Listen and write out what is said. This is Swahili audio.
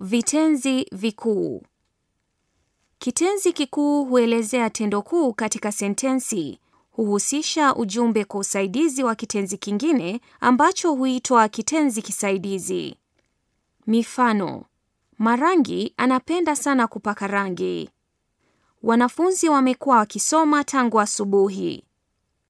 Vitenzi vikuu. Kitenzi kikuu huelezea tendo kuu katika sentensi. Huhusisha ujumbe kwa usaidizi wa kitenzi kingine ambacho huitwa kitenzi kisaidizi. Mifano: Marangi anapenda sana kupaka rangi. Wanafunzi wamekuwa wakisoma tangu asubuhi.